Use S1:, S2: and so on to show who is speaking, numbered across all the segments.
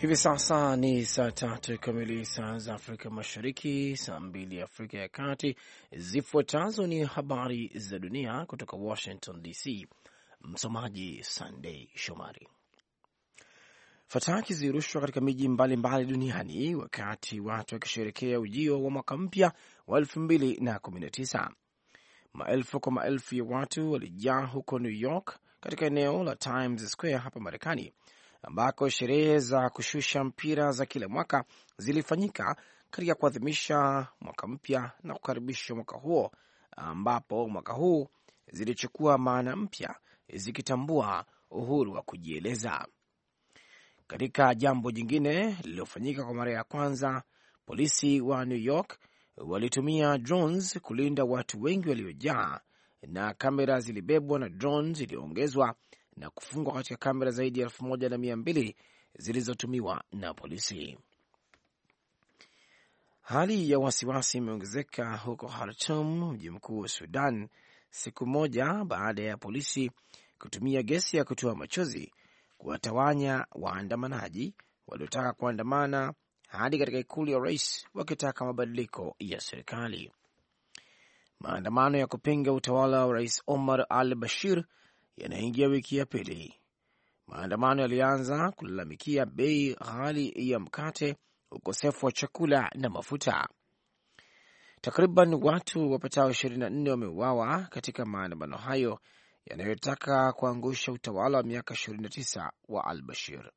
S1: Hivi sasa ni saa tatu kamili saa za Afrika Mashariki, saa mbili Afrika ya Kati. Zifuatazo ni habari za dunia kutoka Washington DC. Msomaji Sandei Shomari. Fataki zilirushwa katika miji mbalimbali duniani wakati watu wakisherekea ujio wa mwaka mpya wa elfu mbili na kumi na tisa. Maelfu kwa maelfu ya watu walijaa huko New York katika eneo la Times Square hapa Marekani ambako sherehe za kushusha mpira za kila mwaka zilifanyika katika kuadhimisha mwaka mpya na kukaribisha mwaka huo, ambapo mwaka huu zilichukua maana mpya zikitambua uhuru wa kujieleza. Katika jambo jingine lililofanyika kwa mara ya kwanza, polisi wa New York walitumia drones kulinda watu wengi waliojaa, na kamera zilibebwa na drones iliyoongezwa na kufungwa katika kamera zaidi ya elfu moja na mia mbili zilizotumiwa na polisi. Hali ya wasiwasi imeongezeka huko hartum mji mkuu wa Sudan, siku moja baada ya polisi kutumia gesi ya kutoa machozi kuwatawanya waandamanaji waliotaka kuandamana hadi katika ikulu ya rais wakitaka mabadiliko ya serikali. Maandamano ya kupinga utawala wa rais Omar al Bashir yanaingia wiki ya pili. Maandamano yalianza kulalamikia bei ghali ya mkate, ukosefu wa chakula na mafuta. Takriban watu wapatao 24 wameuawa katika maandamano hayo yanayotaka kuangusha utawala wa miaka 29 wa al Bashir.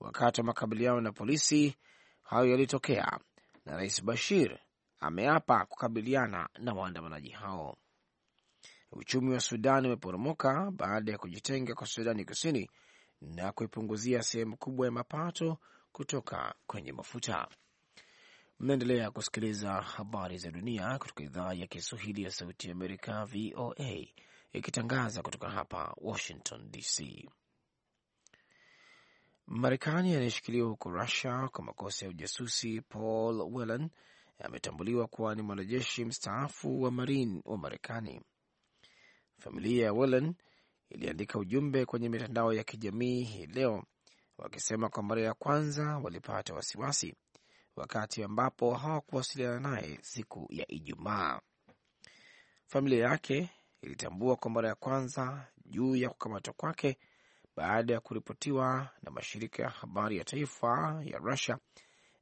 S1: Wakati wa makabiliano na polisi, hayo yalitokea na Rais Bashir ameapa kukabiliana na waandamanaji hao. Uchumi wa Sudan umeporomoka baada ya kujitenga kwa Sudani Kusini na kuipunguzia sehemu kubwa ya mapato kutoka kwenye mafuta. Mnaendelea kusikiliza habari za dunia kutoka idhaa ya Kiswahili ya Sauti ya Amerika, VOA, ikitangaza kutoka hapa Washington DC. Marekani anayeshikiliwa huko Rusia kwa makosa ya ujasusi Paul Whelan ametambuliwa kuwa ni mwanajeshi mstaafu wa Marine wa Marekani. Familia ya Whelan iliandika ujumbe kwenye mitandao ya kijamii hii leo wakisema kwa mara ya kwanza walipata wasiwasi wakati ambapo hawakuwasiliana naye siku ya Ijumaa. Familia yake ilitambua kwa mara ya kwanza juu ya kukamatwa kwake baada ya kuripotiwa na mashirika ya habari ya taifa ya Russia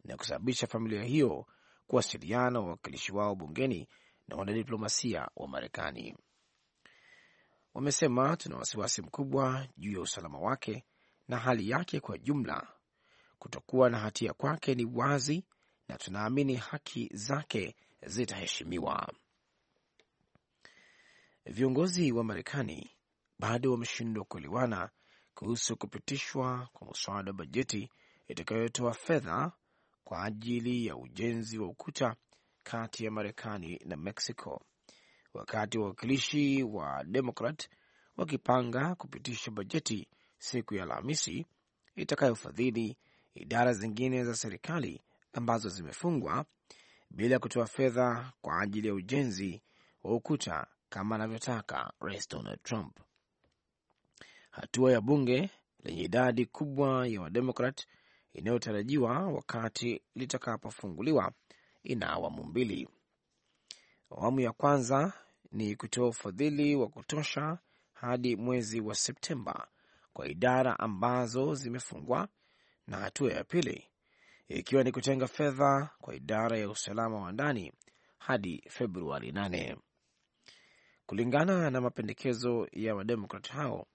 S1: na kusababisha familia hiyo kuwasiliana na wawakilishi wao bungeni na wanadiplomasia wa Marekani wamesema tuna wasiwasi mkubwa juu ya usalama wake na hali yake kwa jumla. Kutokuwa na hatia kwake ni wazi na tunaamini haki zake zitaheshimiwa. Viongozi wa Marekani bado wameshindwa kuelewana kuhusu kupitishwa kwa mswada wa bajeti itakayotoa fedha kwa ajili ya ujenzi wa ukuta kati ya Marekani na Mexico wakati wawakilishi wa Demokrat wakipanga kupitisha bajeti siku ya Alhamisi itakayofadhili idara zingine za serikali ambazo zimefungwa bila kutoa fedha kwa ajili ya ujenzi wa ukuta kama anavyotaka Rais Donald Trump. Hatua ya bunge lenye idadi kubwa ya Wademokrat inayotarajiwa wakati litakapofunguliwa ina awamu mbili. Awamu ya kwanza ni kutoa ufadhili wa kutosha hadi mwezi wa Septemba kwa idara ambazo zimefungwa, na hatua ya pili ikiwa ni kutenga fedha kwa idara ya usalama wa ndani hadi Februari 8. Kulingana na mapendekezo ya Wademokrat hao,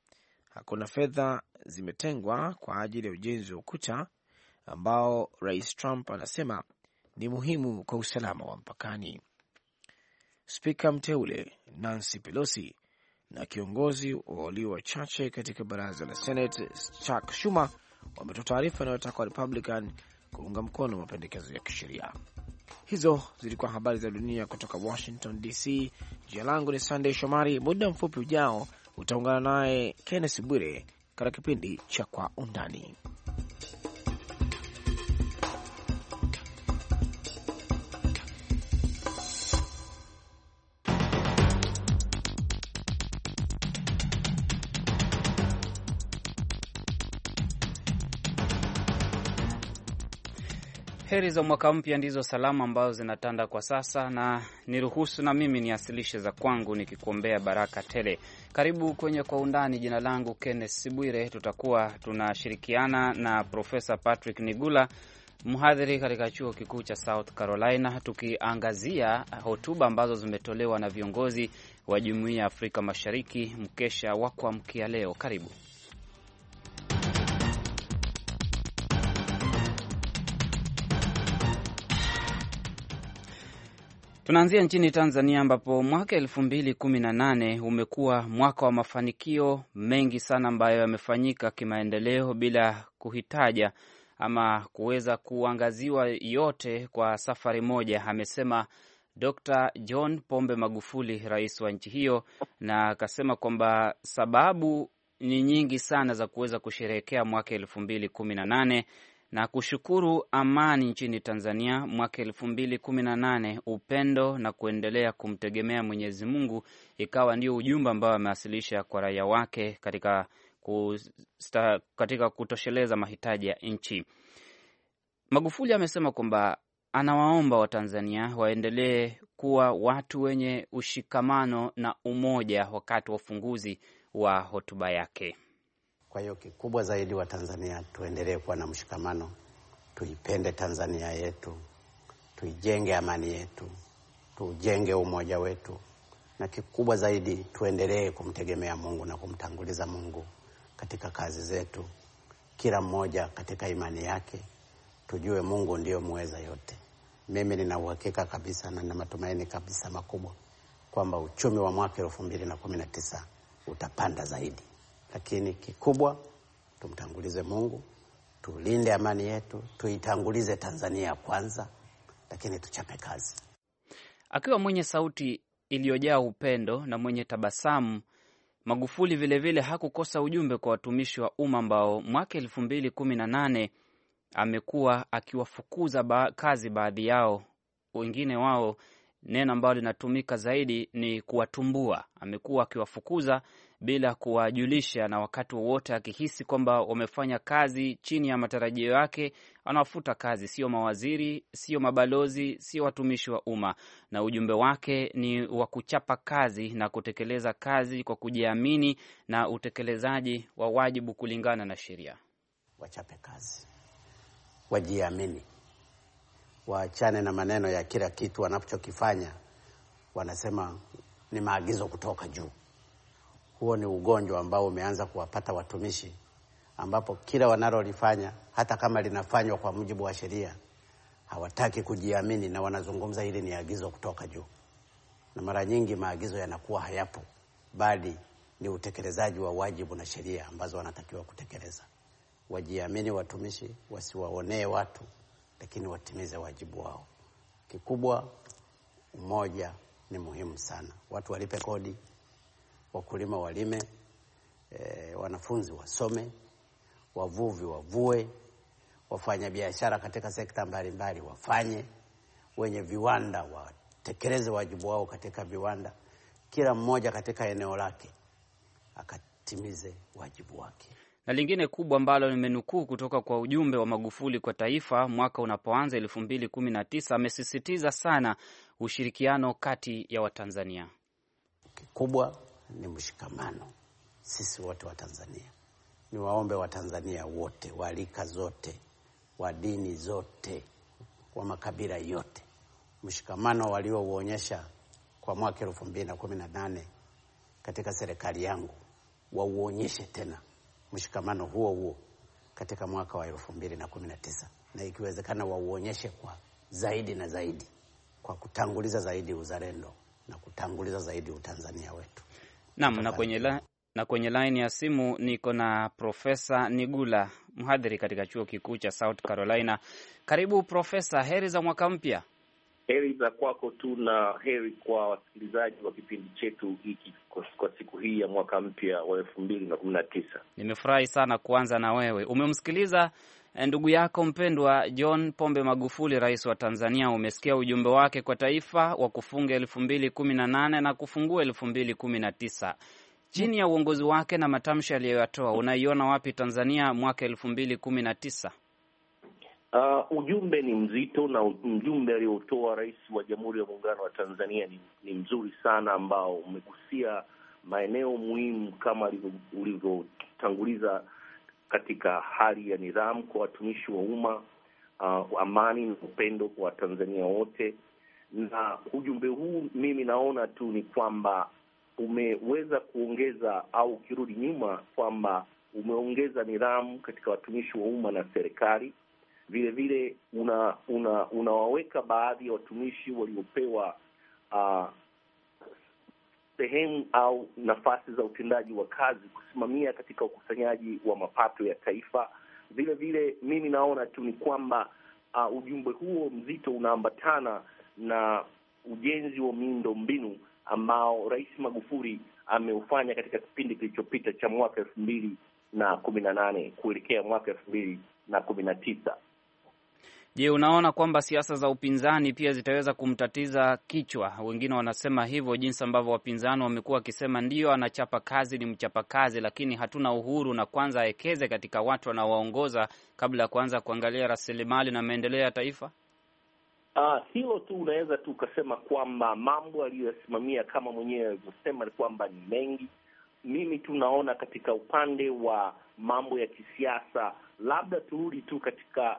S1: hakuna fedha zimetengwa kwa ajili ya ujenzi wa ukuta ambao Rais Trump anasema ni muhimu kwa usalama wa mpakani spika mteule Nancy Pelosi na kiongozi wa walio wachache katika baraza la Senate Chuck Schumer wametoa taarifa inayotaka wa Republican kuunga mkono mapendekezo ya kisheria. Hizo zilikuwa habari za dunia kutoka Washington DC. Jina langu ni Sandey Shomari. Muda mfupi ujao utaungana naye Kenneth Bwire katika kipindi cha Kwa Undani.
S2: heri za mwaka mpya ndizo salamu ambazo zinatanda kwa sasa, na niruhusu na mimi niasilishe za kwangu nikikuombea baraka tele. Karibu kwenye Kwa Undani. Jina langu Kenneth Bwire. Tutakuwa tunashirikiana na Profesa Patrick Nigula, mhadhiri katika chuo kikuu cha South Carolina, tukiangazia hotuba ambazo zimetolewa na viongozi wa Jumuiya ya Afrika Mashariki mkesha wa kuamkia leo. Karibu. Tunaanzia nchini Tanzania ambapo mwaka elfu mbili kumi na nane umekuwa mwaka wa mafanikio mengi sana ambayo yamefanyika kimaendeleo bila kuhitaja ama kuweza kuangaziwa yote kwa safari moja, amesema Dr John Pombe Magufuli, rais wa nchi hiyo, na akasema kwamba sababu ni nyingi sana za kuweza kusherehekea mwaka elfu mbili kumi na nane na kushukuru amani nchini Tanzania mwaka elfu mbili kumi na nane, upendo na kuendelea kumtegemea Mwenyezi Mungu ikawa ndio ujumbe ambao amewasilisha kwa raia wake katika, kusta, katika kutosheleza mahitaji ya nchi. Magufuli amesema kwamba anawaomba Watanzania waendelee kuwa watu wenye ushikamano na umoja wakati wa ufunguzi wa hotuba yake.
S3: Kwa hiyo kikubwa zaidi, wa Tanzania tuendelee kuwa na mshikamano, tuipende Tanzania yetu, tuijenge amani yetu, tujenge umoja wetu, na kikubwa zaidi tuendelee kumtegemea Mungu na kumtanguliza Mungu katika kazi zetu, kila mmoja katika imani yake. Tujue Mungu ndiyo muweza yote. Mimi nina uhakika kabisa na nina matumaini kabisa makubwa kwamba uchumi wa mwaka elfu mbili na kumi na tisa utapanda zaidi lakini kikubwa tumtangulize Mungu, tulinde amani yetu, tuitangulize Tanzania kwanza, lakini tuchape kazi.
S2: Akiwa mwenye sauti iliyojaa upendo na mwenye tabasamu, Magufuli vilevile vile hakukosa ujumbe kwa watumishi wa umma ambao mwaka elfu mbili kumi na nane amekuwa akiwafukuza ba kazi baadhi yao, wengine wao neno ambalo linatumika zaidi ni kuwatumbua. Amekuwa akiwafukuza bila kuwajulisha, na wakati wowote akihisi kwamba wamefanya kazi chini ya matarajio yake anawafuta kazi, sio mawaziri, sio mabalozi, sio watumishi wa umma. Na ujumbe wake ni wa kuchapa kazi na kutekeleza kazi kwa kujiamini na utekelezaji wa wajibu kulingana na sheria. Wachape kazi,
S3: wajiamini waachane na maneno ya kila kitu wanachokifanya wanasema ni maagizo kutoka juu. Huo ni ugonjwa ambao umeanza kuwapata watumishi, ambapo kila wanalolifanya hata kama linafanywa kwa mujibu wa sheria hawataki kujiamini, na wanazungumza hili ni agizo kutoka juu, na mara nyingi maagizo yanakuwa hayapo, bali ni utekelezaji wa wajibu na sheria ambazo wanatakiwa kutekeleza. Wajiamini watumishi, wasiwaonee watu lakini watimize wajibu wao. Kikubwa, umoja ni muhimu sana. Watu walipe kodi, wakulima walime, e, wanafunzi wasome, wavuvi wavue, wafanyabiashara katika sekta mbalimbali wafanye, wenye viwanda watekeleze wajibu wao katika viwanda, kila mmoja katika eneo lake akatimize wajibu wake.
S2: Na lingine kubwa ambalo nimenukuu kutoka kwa ujumbe wa Magufuli kwa taifa mwaka unapoanza elfu mbili kumi na tisa, amesisitiza sana ushirikiano kati ya Watanzania.
S3: Kikubwa ni mshikamano, sisi wote Watanzania. Niwaombe Watanzania wote wa rika zote, wa dini zote, wa makabila yote, mshikamano waliouonyesha kwa mwaka elfu mbili na kumi na nane katika serikali yangu wauonyeshe tena mshikamano huo huo katika mwaka wa elfu mbili na kumi na tisa na ikiwezekana wauonyeshe kwa zaidi na zaidi kwa kutanguliza zaidi uzalendo na kutanguliza zaidi utanzania wetu.
S2: Naam, na kwenye la, na kwenye laini ya simu niko na Profesa Nigula, mhadhiri katika chuo kikuu cha South Carolina. Karibu Profesa, heri za mwaka mpya.
S4: Heri za kwako tu na heri kwa wasikilizaji wa kipindi chetu hiki kwa siku hii ya mwaka mpya wa elfu mbili na kumi na tisa.
S2: Nimefurahi sana kuanza na wewe. Umemsikiliza eh, ndugu yako mpendwa John Pombe Magufuli, rais wa Tanzania. Umesikia ujumbe wake kwa taifa wa kufunga elfu mbili kumi na nane na kufungua elfu mbili kumi na tisa chini ya uongozi wake na matamshi aliyoyatoa. Unaiona wapi Tanzania mwaka elfu mbili kumi na tisa?
S4: Uh, ujumbe ni mzito na ujumbe aliotoa Rais wa Jamhuri ya Muungano wa Tanzania ni, ni mzuri sana ambao umegusia maeneo muhimu kama ulivyotanguliza katika hali ya nidhamu kwa watumishi wa umma, uh, amani na upendo kwa Watanzania wote. Na ujumbe huu mimi naona tu ni kwamba umeweza kuongeza au ukirudi nyuma kwamba umeongeza nidhamu katika watumishi wa umma na serikali vilevile unawaweka una, una baadhi ya watumishi waliopewa uh, sehemu au nafasi za utendaji wa kazi kusimamia katika ukusanyaji wa mapato ya taifa. Vile vile mimi naona tu ni kwamba uh, ujumbe huo mzito unaambatana na ujenzi wa miundo mbinu ambao Rais Magufuli ameufanya katika kipindi kilichopita cha mwaka elfu mbili na kumi na nane kuelekea mwaka elfu mbili na kumi na tisa.
S2: Je, unaona kwamba siasa za upinzani pia zitaweza kumtatiza kichwa? Wengine wanasema hivyo, jinsi ambavyo wapinzani wamekuwa wakisema, ndiyo anachapa kazi, ni mchapa kazi, lakini hatuna uhuru, na kwanza aekeze katika watu wanaowaongoza kabla ya kuanza kuangalia rasilimali na maendeleo ya taifa.
S4: Uh, hilo tu unaweza tu ukasema kwamba mambo aliyoyasimamia kama mwenyewe alivyosema ni kwamba ni mengi. Mimi tu naona katika upande wa mambo ya kisiasa, labda turudi tu katika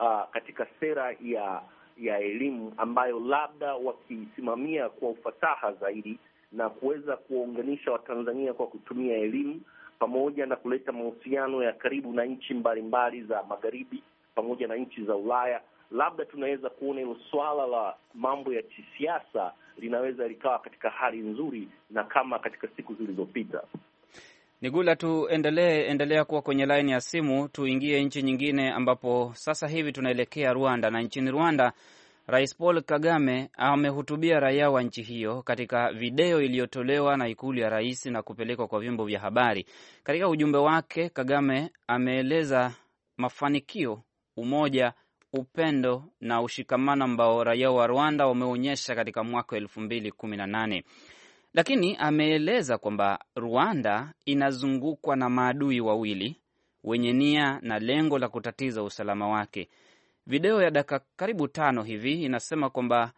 S4: uh, katika sera ya ya elimu ambayo labda wakisimamia kwa ufasaha zaidi na kuweza kuwaunganisha Watanzania kwa kutumia elimu pamoja na kuleta mahusiano ya karibu na nchi mbalimbali za magharibi pamoja na nchi za Ulaya, labda tunaweza kuona hilo swala la mambo ya kisiasa linaweza likawa katika hali nzuri na kama katika siku zilizopita.
S2: Nigula, tuendelee endelea kuwa kwenye laini ya simu, tuingie nchi nyingine ambapo sasa hivi tunaelekea Rwanda, na nchini Rwanda Rais Paul Kagame amehutubia raia wa nchi hiyo katika video iliyotolewa na ikulu ya rais na kupelekwa kwa vyombo vya habari. Katika ujumbe wake, Kagame ameeleza mafanikio, umoja, upendo na ushikamano ambao raia wa Rwanda wameonyesha katika mwaka wa elfu mbili kumi na nane lakini ameeleza kwamba Rwanda inazungukwa na maadui wawili wenye nia na lengo la kutatiza usalama wake. Video ya dakika karibu tano hivi inasema kwamba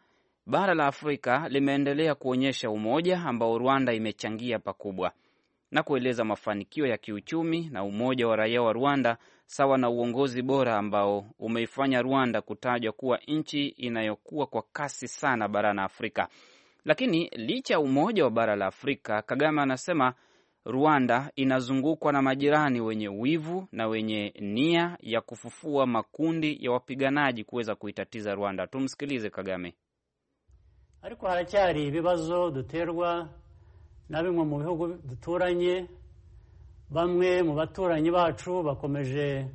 S2: bara la Afrika limeendelea kuonyesha umoja ambao Rwanda imechangia pakubwa na kueleza mafanikio ya kiuchumi na umoja wa raia wa Rwanda sawa na uongozi bora ambao umeifanya Rwanda kutajwa kuwa nchi inayokuwa kwa kasi sana barani Afrika. Lakini licha ya umoja wa bara la Afrika, Kagame anasema Rwanda inazungukwa na majirani wenye wivu na wenye nia ya kufufua makundi ya wapiganaji kuweza kuitatiza Rwanda. Tumsikilize Kagame.
S3: ariko haracyari ibibazo duterwa na bimwe mu bihugu duturanye bamwe mu baturanyi bacu bakomeje,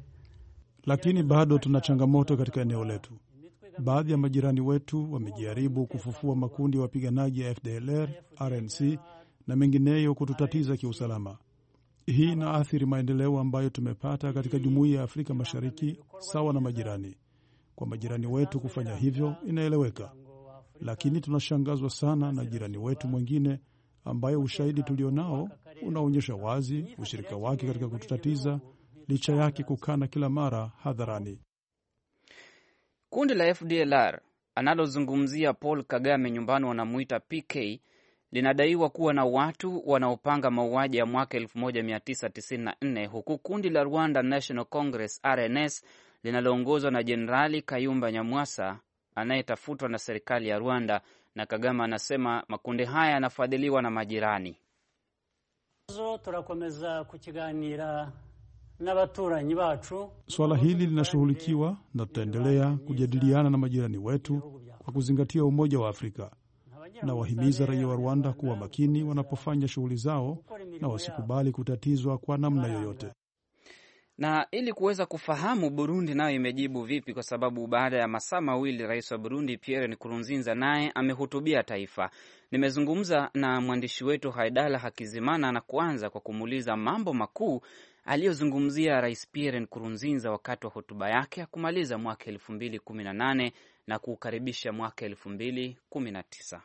S5: lakini bado tuna changamoto katika eneo letu. Baadhi ya majirani wetu wamejaribu kufufua makundi ya wapiganaji ya FDLR, RNC na mengineyo kututatiza kiusalama. Hii inaathiri maendeleo ambayo tumepata katika jumuiya ya Afrika Mashariki sawa na majirani. Kwa majirani wetu kufanya hivyo inaeleweka, lakini tunashangazwa sana na jirani wetu mwingine ambayo ushahidi tulionao unaonyesha wazi ushirika wake katika kututatiza, licha yake kukana kila mara
S2: hadharani. Kundi la FDLR analozungumzia Paul Kagame nyumbani wanamuita PK linadaiwa kuwa na watu wanaopanga mauaji ya mwaka 1994 huku kundi la Rwanda National Congress RNS linaloongozwa na Jenerali Kayumba Nyamwasa anayetafutwa na serikali ya Rwanda, na Kagame anasema makundi haya yanafadhiliwa na majirani.
S3: tunakomeza kukiganira baturanyi bacu.
S5: Swala hili linashughulikiwa na tutaendelea kujadiliana na majirani wetu kwa kuzingatia umoja wa Afrika. Nawahimiza raia wa Rwanda kuwa makini wanapofanya shughuli zao na wasikubali kutatizwa kwa namna yoyote.
S2: Na ili kuweza kufahamu Burundi nayo imejibu vipi, kwa sababu baada ya masaa mawili rais wa Burundi Pierre Nkurunziza naye amehutubia taifa, nimezungumza na mwandishi wetu Haidala Hakizimana na kuanza kwa kumuuliza mambo makuu aliyozungumzia Rais Pierre Nkurunziza wakati wa hotuba yake ya kumaliza mwaka elfu mbili kumi na nane na kuukaribisha mwaka elfu mbili kumi na tisa.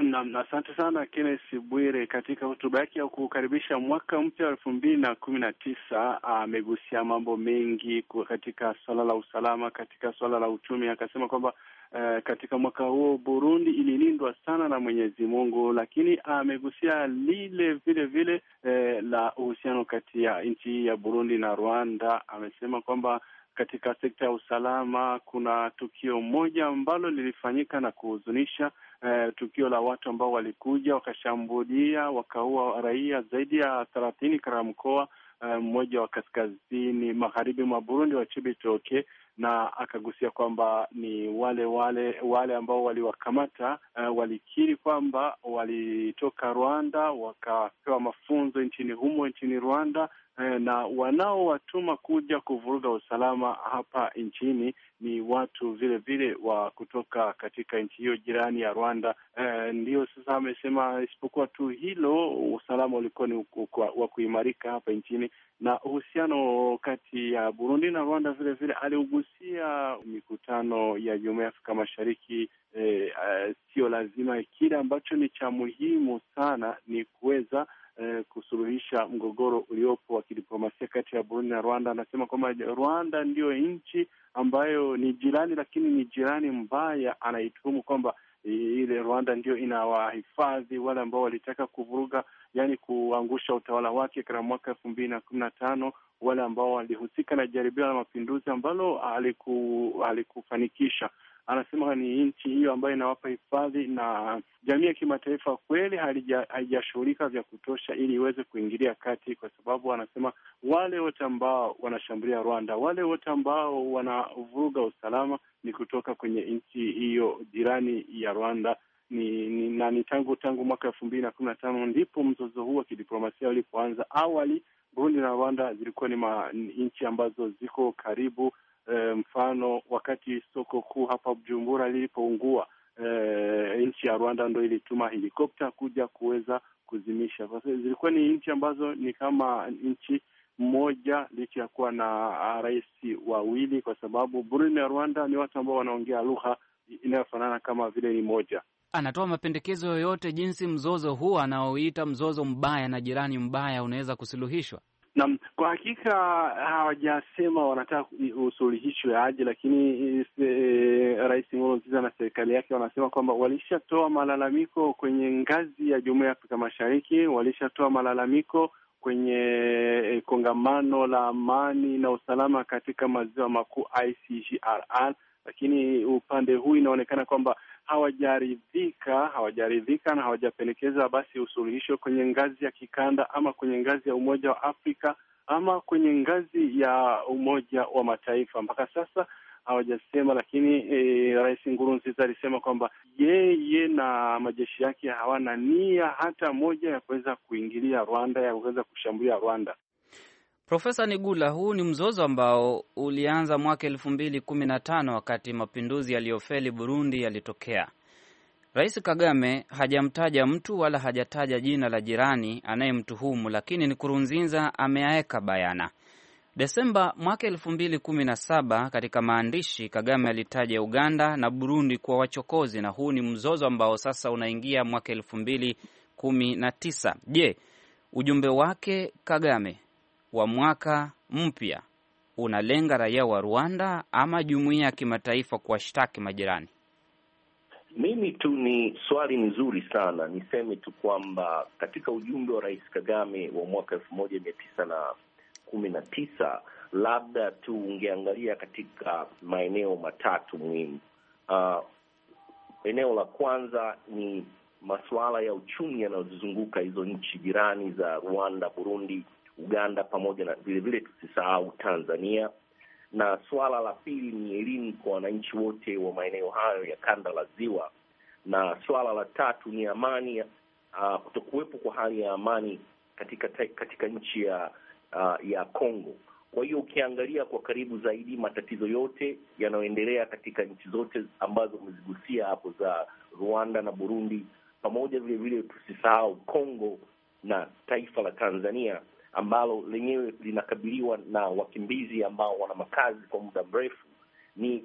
S5: Naam, asante sana Kennes Bwire. Katika hotuba yake ya kukaribisha mwaka mpya wa elfu mbili na kumi na tisa amegusia mambo mengi katika swala la usalama, katika swala la uchumi. Akasema kwamba uh, katika mwaka huo Burundi ililindwa sana na Mwenyezi Mungu, lakini amegusia lile vile vile uh, la uhusiano kati ya nchi hii ya Burundi na Rwanda. Amesema kwamba katika sekta ya usalama kuna tukio moja ambalo lilifanyika na kuhuzunisha eh, tukio la watu ambao walikuja wakashambulia wakaua raia zaidi ya thelathini katika mkoa eh, mmoja wa kaskazini magharibi mwa Burundi wa toke na akagusia kwamba ni wale wale wale ambao waliwakamata uh, walikiri kwamba walitoka Rwanda wakapewa mafunzo nchini humo nchini Rwanda Eh, na wanaowatuma kuja kuvuruga usalama hapa nchini ni watu vile vile wa kutoka katika nchi hiyo jirani ya Rwanda. E, eh, ndiyo sasa amesema, isipokuwa tu hilo usalama ulikuwa ni wa kuimarika hapa nchini, na uhusiano kati ya Burundi na Rwanda vile vile aliugusia mikutano ya Jumuiya ya Afrika Mashariki. E, sio lazima kile ambacho ni cha muhimu sana ni kuweza eh, kusuluhisha mgogoro uliopo wa kidiplomasia kati ya Burundi na Rwanda. Anasema kwamba Rwanda ndiyo nchi ambayo ni jirani, lakini ni jirani mbaya. Anaituhumu kwamba ile Rwanda ndio inawahifadhi wale ambao walitaka kuvuruga, yani kuangusha utawala wake katika mwaka elfu mbili na kumi na tano wale ambao walihusika na jaribio la mapinduzi ambalo haliku, halikufanikisha anasema ni nchi hiyo ambayo inawapa hifadhi, na jamii ya kimataifa kweli haijashughulika vya kutosha ili iweze kuingilia kati, kwa sababu anasema wale wote ambao wanashambulia Rwanda, wale wote ambao wanavuruga usalama ni kutoka kwenye nchi hiyo jirani ya Rwanda. Ni, ni, na ni tangu tangu mwaka elfu mbili na kumi na tano ndipo mzozo huu wa kidiplomasia ulipoanza. Awali Burundi na Rwanda zilikuwa ni nchi ambazo ziko karibu e, mfano wakati soko kuu hapa Bujumbura lilipoungua e, nchi ya Rwanda ndo ilituma helikopta kuja kuweza kuzimisha. Zilikuwa ni nchi ambazo ni kama nchi mmoja licha ya kuwa na ah, rais wawili, kwa sababu Burundi na Rwanda ni watu ambao wanaongea lugha inayofanana kama vile ni moja.
S2: Anatoa mapendekezo yoyote jinsi mzozo huu anaoita mzozo mbaya na jirani mbaya unaweza kusuluhishwa?
S5: Naam, kwa hakika ah, hawajasema wanataka usuluhisho ya aje, lakini e, Rais Nkurunziza na serikali yake wanasema kwamba walishatoa malalamiko kwenye ngazi ya Jumuiya ya Afrika Mashariki, walishatoa malalamiko kwenye e, kongamano la amani na usalama katika maziwa makuu ICGLR lakini upande huu inaonekana kwamba hawajaridhika, hawajaridhika na hawajapendekeza basi usuluhisho kwenye ngazi ya kikanda ama kwenye ngazi ya Umoja wa Afrika ama kwenye ngazi ya Umoja wa Mataifa mpaka sasa hawajasema lakini, e, Rais Nkurunziza alisema kwamba yeye na majeshi yake hawana nia hata moja ya kuweza kuingilia Rwanda, ya kuweza kushambulia Rwanda.
S2: Profesa Nigula, huu ni mzozo ambao ulianza mwaka elfu mbili kumi na tano wakati mapinduzi yaliyofeli Burundi yalitokea. Rais Kagame hajamtaja mtu wala hajataja jina la jirani anayemtuhumu, lakini Nkurunziza ameaeka bayana. Desemba mwaka elfu mbili kumi na saba katika maandishi, Kagame alitaja Uganda na Burundi kuwa wachokozi, na huu ni mzozo ambao sasa unaingia mwaka elfu mbili kumi na tisa. Je, ujumbe wake Kagame wa mwaka mpya unalenga raia wa Rwanda ama jumuiya ya kimataifa kuwashtaki majirani?
S4: Mimi tu ni swali ni zuri sana. Niseme tu kwamba katika ujumbe wa Rais Kagame wa mwaka elfu moja mia tisa na kumi na tisa labda tu ungeangalia katika maeneo matatu muhimu. Uh, eneo la kwanza ni masuala ya uchumi yanayozizunguka hizo nchi jirani za Rwanda, Burundi Uganda pamoja na vilevile tusisahau Tanzania. Na suala la pili ni elimu kwa wananchi wote wa maeneo hayo ya kanda la Ziwa, na suala la tatu ni amani, uh, kutokuwepo kwa hali ya amani katika katika nchi ya uh, ya Kongo. Kwa hiyo ukiangalia kwa karibu zaidi matatizo yote yanayoendelea katika nchi zote ambazo umezigusia hapo za Rwanda na Burundi, pamoja vilevile tusisahau Kongo na taifa la Tanzania ambalo lenyewe linakabiliwa na wakimbizi ambao wana makazi kwa muda mrefu, ni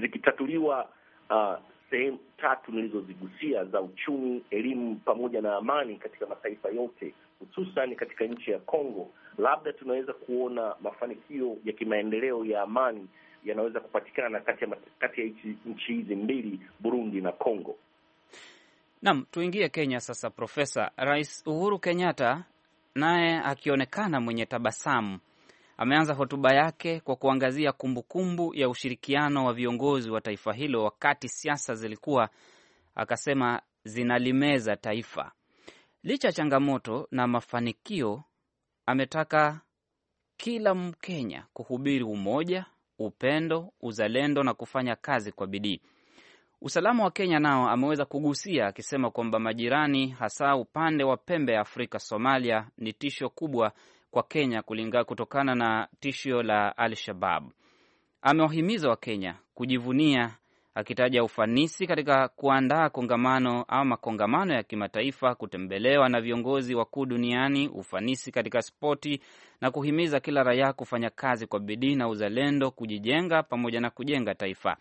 S4: zikitatuliwa uh, sehemu tatu nilizozigusia za uchumi, elimu pamoja na amani katika mataifa yote, hususan katika nchi ya Kongo, labda tunaweza kuona mafanikio ya kimaendeleo ya amani yanaweza kupatikana kati ya kati ya nchi hizi mbili, Burundi na Kongo.
S2: Naam, tuingie Kenya sasa. Profesa, Rais Uhuru Kenyatta naye akionekana mwenye tabasamu. Ameanza hotuba yake kwa kuangazia kumbukumbu kumbu ya ushirikiano wa viongozi wa taifa hilo wakati siasa zilikuwa, akasema, zinalimeza taifa. Licha ya changamoto na mafanikio, ametaka kila Mkenya kuhubiri umoja, upendo, uzalendo na kufanya kazi kwa bidii. Usalama wa Kenya nao ameweza kugusia akisema kwamba majirani, hasa upande wa pembe ya Afrika, Somalia ni tisho kubwa kwa Kenya kulinga kutokana na tishio la Al-Shabab. Amewahimiza Wakenya kujivunia akitaja ufanisi katika kuandaa kongamano au makongamano ya kimataifa, kutembelewa na viongozi wakuu duniani, ufanisi katika spoti na kuhimiza kila raia kufanya kazi kwa bidii na uzalendo, kujijenga pamoja na kujenga taifa.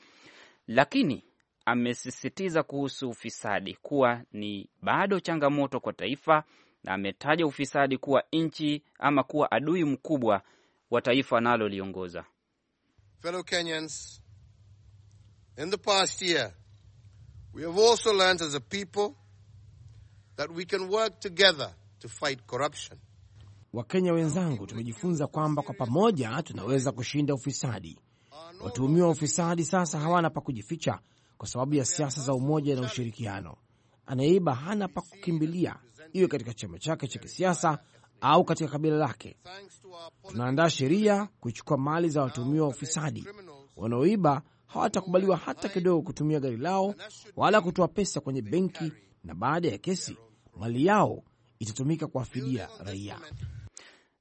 S2: Lakini amesisitiza kuhusu ufisadi kuwa ni bado changamoto kwa taifa, na ametaja ufisadi kuwa nchi ama kuwa adui mkubwa wa taifa analoliongoza.
S3: Fellow Kenyans, in the past year we have also learned as a people that we can work together to fight corruption.
S1: Wakenya wenzangu, tumejifunza kwamba kwa pamoja tunaweza kushinda ufisadi. Watuhumiwa wa ufisadi sasa hawana pa kujificha kwa sababu ya siasa za umoja na ushirikiano. Anaiba hana pa kukimbilia, iwe katika chama chake cha kisiasa au katika kabila lake. Tunaandaa sheria kuchukua mali za watumiwa wa ufisadi. Wanaoiba hawatakubaliwa hata kidogo kutumia gari lao wala kutoa pesa kwenye benki, na baada ya kesi mali yao itatumika kuwafidia raia.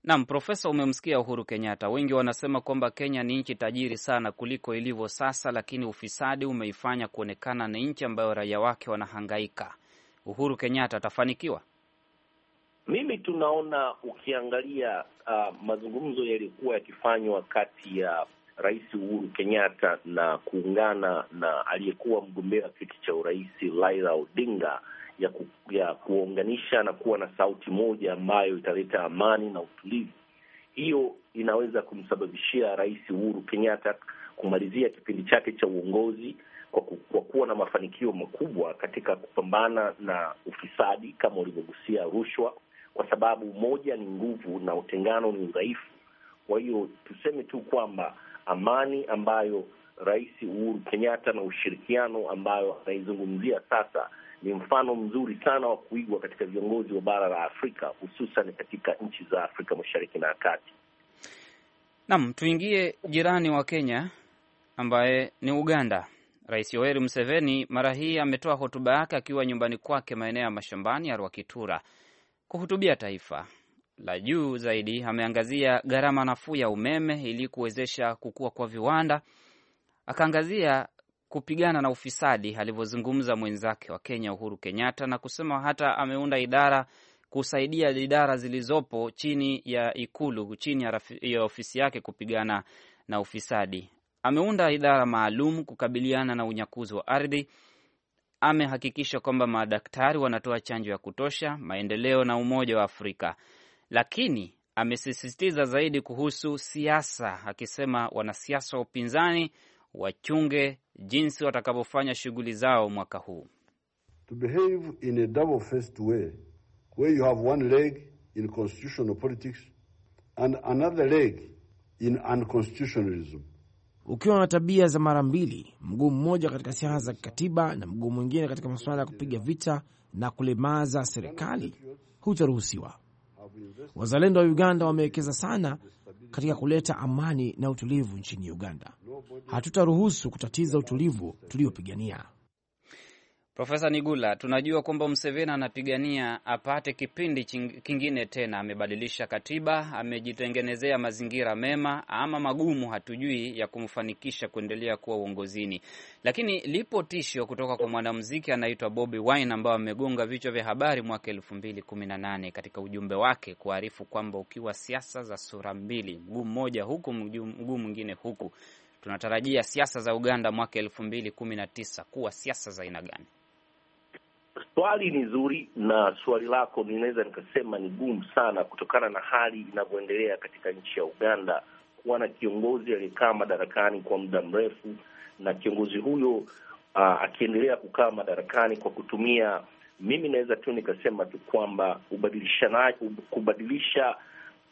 S2: Naam, Profesa, umemsikia Uhuru Kenyatta. Wengi wanasema kwamba Kenya ni nchi tajiri sana kuliko ilivyo sasa, lakini ufisadi umeifanya kuonekana ni nchi ambayo raia wake wanahangaika. Uhuru Kenyatta atafanikiwa?
S4: Mimi tunaona ukiangalia uh, mazungumzo yaliyokuwa yakifanywa kati ya Rais Uhuru Kenyatta na kuungana na aliyekuwa mgombea wa kiti cha urais Raila Odinga ya, ku, ya kuunganisha na kuwa na sauti moja ambayo italeta amani na utulivu, hiyo inaweza kumsababishia Rais Uhuru Kenyatta kumalizia kipindi chake cha uongozi kwa, ku, kwa kuwa na mafanikio makubwa katika kupambana na ufisadi kama ulivyogusia rushwa, kwa sababu moja ni nguvu na utengano ni udhaifu. Kwa hiyo tuseme tu kwamba amani ambayo Rais Uhuru Kenyatta na ushirikiano ambayo anaizungumzia sasa ni mfano mzuri sana wa kuigwa katika viongozi wa bara la Afrika, hususan katika nchi za Afrika mashariki na kati.
S2: Naam, tuingie jirani wa Kenya ambaye ni Uganda. Rais Yoweri Museveni mara hii ametoa hotuba yake akiwa nyumbani kwake maeneo ya mashambani ya Rwakitura kuhutubia taifa la juu zaidi. Ameangazia gharama nafuu ya umeme ili kuwezesha kukua kwa viwanda, akaangazia kupigana na ufisadi, alivyozungumza mwenzake wa Kenya Uhuru Kenyatta, na kusema hata ameunda idara kusaidia idara zilizopo chini ya Ikulu, chini ya ofisi yake kupigana na ufisadi. Ameunda idara maalum kukabiliana na unyakuzi wa ardhi. Amehakikisha kwamba madaktari wanatoa chanjo ya kutosha, maendeleo na Umoja wa Afrika, lakini amesisitiza zaidi kuhusu siasa, akisema wanasiasa wa upinzani wachunge jinsi watakavyofanya shughuli zao mwaka huu. To behave in a double-faced way, where you have one leg in constitutional politics and another leg in unconstitutionalism.
S1: Ukiwa na tabia za mara mbili, mguu mmoja katika siasa za kikatiba na mguu mwingine katika masuala ya kupiga vita na kulemaza serikali, hutaruhusiwa. Wazalendo wa Uganda wamewekeza sana katika kuleta amani na utulivu nchini Uganda. Hatutaruhusu kutatiza utulivu tuliopigania.
S2: Profesa Nigula, tunajua kwamba mseveni anapigania apate kipindi kingine tena. Amebadilisha katiba, amejitengenezea mazingira mema ama magumu, hatujui ya kumfanikisha kuendelea kuwa uongozini, lakini lipo tisho kutoka kwa mwanamuziki anaitwa Bobi Wine ambayo amegonga vichwa vya habari mwaka elfu mbili kumi na nane katika ujumbe wake kuarifu kwamba ukiwa siasa za sura mbili, mguu mmoja huku, mguu mwingine huku, tunatarajia siasa za Uganda mwaka elfu mbili kumi na tisa kuwa siasa za aina gani?
S4: Swali ni zuri na swali lako ninaweza nikasema ni gumu sana, kutokana na hali inavyoendelea katika nchi ya Uganda, kuwa na kiongozi aliyekaa madarakani kwa muda mrefu, na kiongozi huyo uh, akiendelea kukaa madarakani kwa kutumia, mimi naweza tu nikasema tu kwamba ubadilishanaji, kubadilisha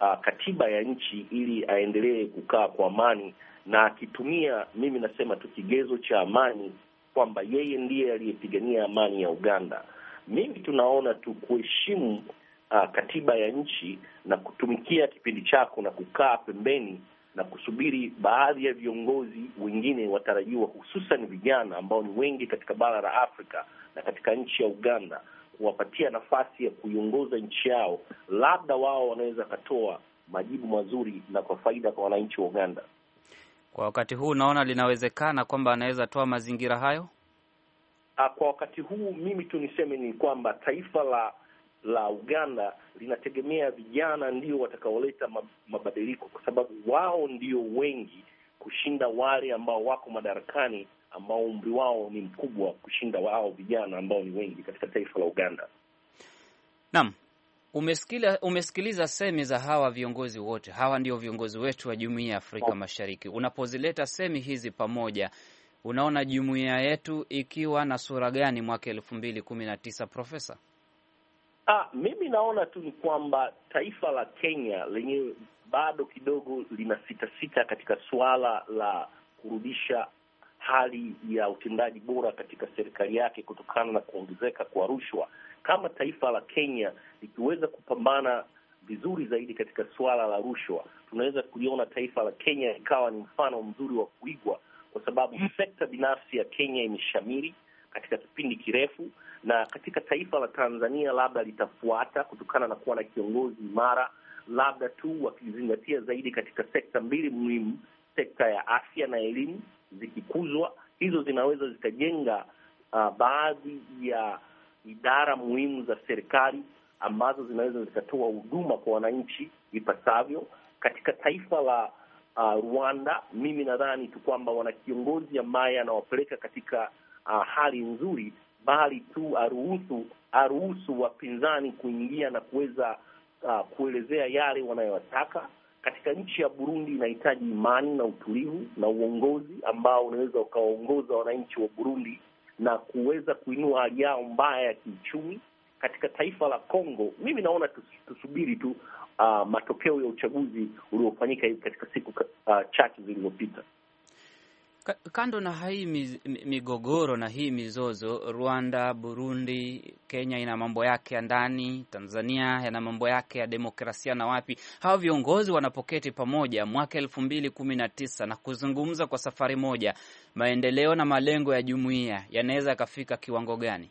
S4: uh, katiba ya nchi ili aendelee kukaa kwa amani, na akitumia, mimi nasema tu kigezo cha amani kwamba yeye ndiye aliyepigania amani ya Uganda. Mimi tunaona tu kuheshimu uh, katiba ya nchi na kutumikia kipindi chako na kukaa pembeni na kusubiri baadhi ya viongozi wengine watarajiwa, hususan vijana ambao ni wengi katika bara la Afrika na katika nchi ya Uganda, kuwapatia nafasi ya kuiongoza nchi yao. Labda wao wanaweza wakatoa majibu mazuri na kwa faida kwa wananchi wa Uganda.
S2: Kwa wakati huu unaona linawezekana kwamba anaweza toa mazingira hayo?
S4: Ah, kwa wakati huu mimi tu niseme ni kwamba taifa la la Uganda linategemea vijana ndio watakaoleta mabadiliko, kwa sababu wao ndio wengi kushinda wale ambao wako madarakani ambao umri wao ni mkubwa kushinda wao vijana ambao ni wengi katika taifa la Uganda.
S2: Naam, Umesikila, umesikiliza semi za hawa viongozi wote. Hawa ndio viongozi wetu wa Jumuiya ya Afrika Mashariki. Unapozileta semi hizi pamoja, unaona jumuiya yetu ikiwa na sura gani mwaka elfu mbili kumi na tisa, Profesa?
S4: Ah, mimi naona tu ni kwamba taifa la Kenya lenyewe bado kidogo lina sitasita katika suala la kurudisha hali ya utendaji bora katika serikali yake kutokana na kuongezeka kwa rushwa kama taifa la Kenya likiweza kupambana vizuri zaidi katika suala la rushwa, tunaweza kuliona taifa la Kenya ikawa ni mfano mzuri wa kuigwa, kwa sababu mm. sekta binafsi ya Kenya imeshamiri katika kipindi kirefu, na katika taifa la Tanzania labda litafuata kutokana na kuwa na kiongozi imara, labda tu wakizingatia zaidi katika sekta mbili muhimu, sekta ya afya na elimu. Zikikuzwa hizo, zinaweza zikajenga uh, baadhi ya idara muhimu za serikali ambazo zinaweza zikatoa huduma kwa wananchi ipasavyo katika taifa la uh, Rwanda. Mimi nadhani tu kwamba wana kiongozi ambaye anawapeleka katika uh, hali nzuri, bali tu aruhusu aruhusu wapinzani kuingia na kuweza uh, kuelezea yale wanayowataka Katika nchi ya Burundi inahitaji imani na utulivu na uongozi ambao unaweza ukawaongoza wananchi wa Burundi na kuweza kuinua hali yao mbaya ya kiuchumi katika taifa la Kongo. Mimi naona tusubiri tu uh, matokeo ya uchaguzi uliofanyika hivi katika siku uh, chache zilizopita.
S2: Kando na hii migogoro na hii mizozo, Rwanda, Burundi, Kenya ina mambo yake ya ndani, Tanzania yana mambo yake ya demokrasia na wapi, hawa viongozi wanapoketi pamoja mwaka elfu mbili kumi na tisa na kuzungumza kwa safari moja, maendeleo na malengo ya jumuiya yanaweza yakafika kiwango gani?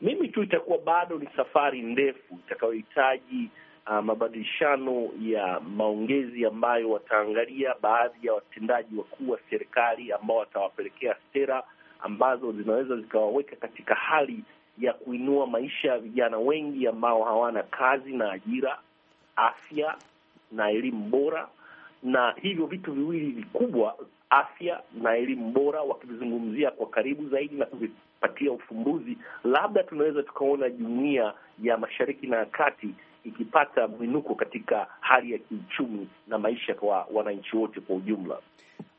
S4: Mimi tu itakuwa bado ni safari ndefu itakayohitaji uh, mabadilishano ya maongezi ambayo wataangalia baadhi ya watendaji wakuu wa serikali ambao watawapelekea sera ambazo zinaweza zikawaweka katika hali ya kuinua maisha ya vijana wengi ambao hawana kazi na ajira, afya na elimu bora. Na hivyo vitu viwili vikubwa, afya na elimu bora, wakivizungumzia kwa karibu zaidi na kuvipatia ufumbuzi, labda tunaweza tukaona jumuiya ya Mashariki na Kati ikipata mwinuko katika hali ya kiuchumi na maisha kwa wananchi wote kwa ujumla.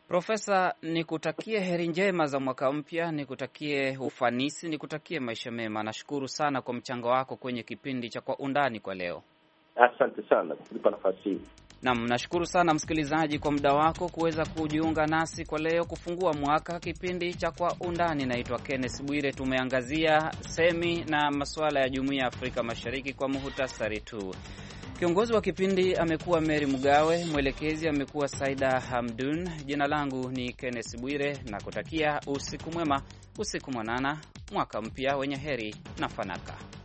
S2: Profesa, nikutakie heri njema za mwaka mpya, nikutakie ufanisi, nikutakie maisha mema. Nashukuru sana kwa mchango wako kwenye kipindi cha Kwa Undani kwa leo.
S4: Asante sana kunipa nafasi hii.
S2: Nam, nashukuru sana msikilizaji kwa muda wako kuweza kujiunga nasi kwa leo kufungua mwaka kipindi cha Kwa Undani. Naitwa Kenneth Bwire. Tumeangazia semi na masuala ya Jumuiya ya Afrika Mashariki kwa muhutasari tu. Kiongozi wa kipindi amekuwa Meri Mgawe, mwelekezi amekuwa Saida Hamdun. Jina langu ni Kenneth Bwire na kutakia usiku mwema, usiku mwanana, mwaka mpya wenye heri na fanaka.